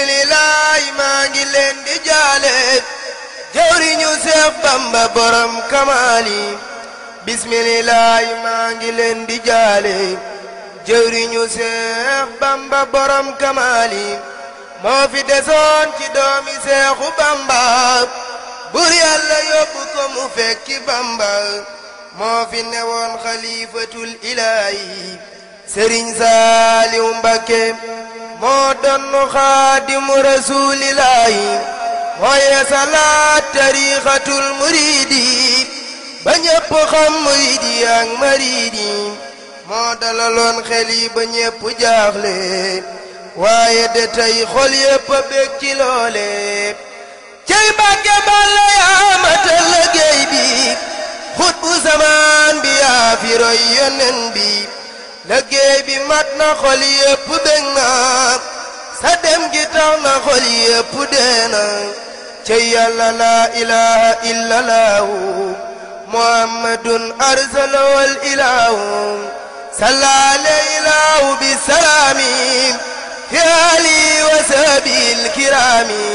alhamdulilah maa ngi leen di jaale jëwriñu Bamba borom kamaali bisimilah maa ngi leen di jaale jëwriñu Bamba borom kamaali moo fi desoon ci doomi Seexu Bamba bur yàlla yóbbu ko fekki Bamba moo fi newoon xalifatul ilaahi Serigne Saliou Mbacké moo doon xaadimu rasuulillaahi mooy salaat tariixatul muriidi ba ñépp xam muriidi ak mariidi moo dalaloon xel ba ñépp jaaxle waaye de tey xol yépp a bég cey bàkke balla yaa matal liggéey bi xutbu bi yaa yonen bi liggéey bi mat na xol yépp bég sa dem gi tax na xol yépp dee na ca yàlla laa ilaha illa laahu muhammadun arsalawal ilaahu salaale ilaahu bi fi ali wa sabil kiraami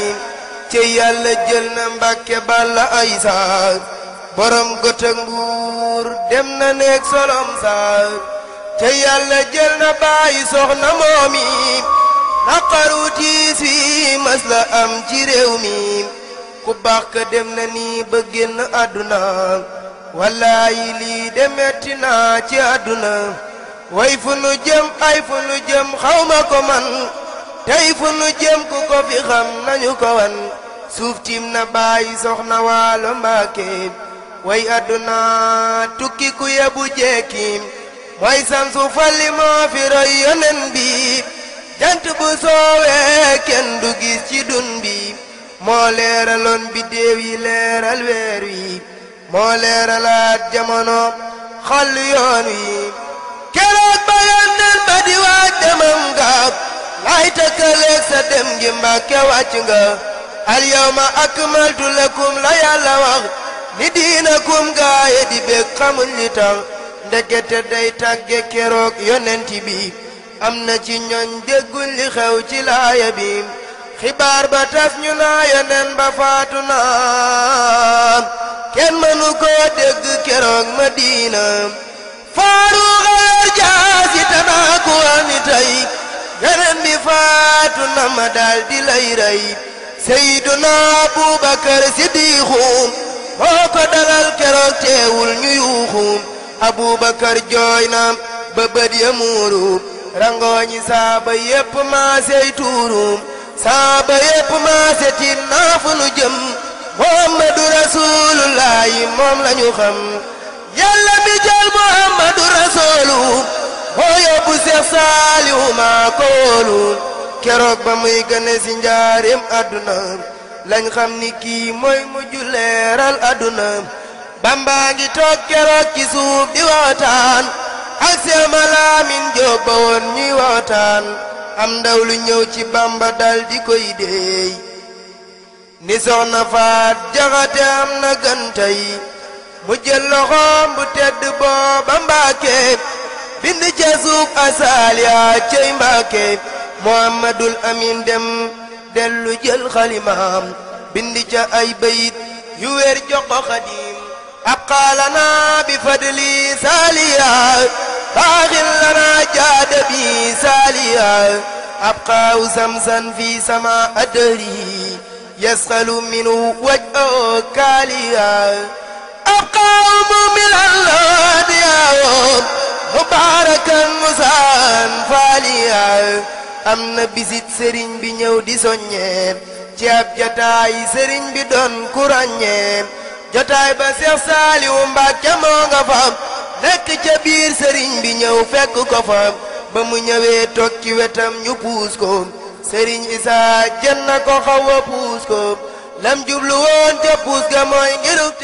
ca yàlla jël na mbàkke balla ay saak borom gota nguur dem na neeg solom saak te yàlla jël na bàyyi soxna moomi naqaru tiis wi am ci réew mi ku baax ka dem na nii ba génn àdduna wallaayi de metti ci àdduna way fu nu jëm ay fu nu jëm xawma ko tey fu nu jëm ku ko xam nañu ko suuf tiim na bàyyi soxna waalo mbaake way àdduna tukki ku yebu jekkim mooy samsu falli moo fi roy yonen bi jant bu soowee kenn du gis ci dun bi moo leeraloon biddéew yi leeral weer wi moo leeralaat jamono xol yoon wi keroog ba yonen ba di waaj demam nga laay tëkkaleeg sa dem gi mbàkke wàcc nga al yawma akmaltu lakum la wax ni diinakum gaaye di bég xamuñ li tax ndekete day tàgge keroog yonent bi am na ci ñooñ déggul li xew ci laaya bi xibaar ba taf ñu naa yonen ba faatu kenn mënu koo dégg keroog Madina faaruux a yor jaasi tanaa ku ami tey bi faatu ma daal di lay rey Abubakar Sidiixu moo ko dalal keroog teewul ñu yuuxu abubakar jooy na ba bët ya muuru saaba yépp maasey tuuru saaba yépp maase tiit naa nu jëm muhammadu rasuulullaahi moom lañu xam yàlla mi jël muhammadu rasuulu moo yóbbu seex saalihu maa keroog ba muy gëne njaarim àdduna lañ xam ni kii mooy mujj leeral àdduna bamba ngi toog ci suuf di waxtaan ak seel malaamin jóob ñuy waxtaan am ndaw lu ñëw ci bamba daldi di koy déey ni faat jaxate am na gantay mu jël bu tedd booba mbaake bind ca suuf asaaliya cey mbaake muhammadul amin dem dellu jël xalimaam bind ca ay bayit yu wér jox ko xadim أبقالنا بفضلي ساليا فاغر لنا جاد بي ساليا أبقى زمزا في سماء أدري يسخل منه وجهه كاليا أبقى مؤمنا لاضيا مباركا مسان فاليا am na bisit sëriñ bi ñëw di soññee ci ab jataay sëriñ bi doon ku ràññee jotaay ba Seex Saaliwu Mbàkke moo nga faam nekk ca biir sëriñ bi ñëw fekk ko faam ba mu ñëwee toog ci wetam ñu puus ko sëriñ Isaa jën na ko xaw puus ko lam jublu woon puus ga mooy ngiruk